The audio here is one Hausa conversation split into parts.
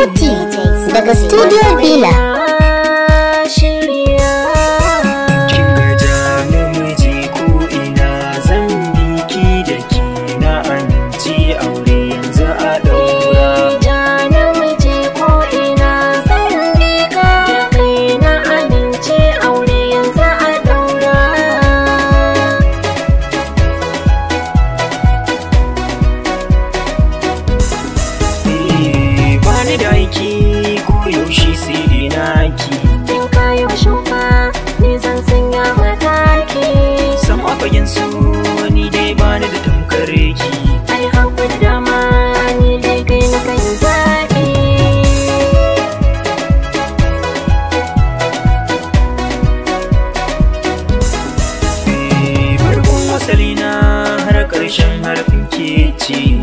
sauti daga Studio Villa. harshen harafin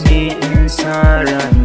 ne in sa rani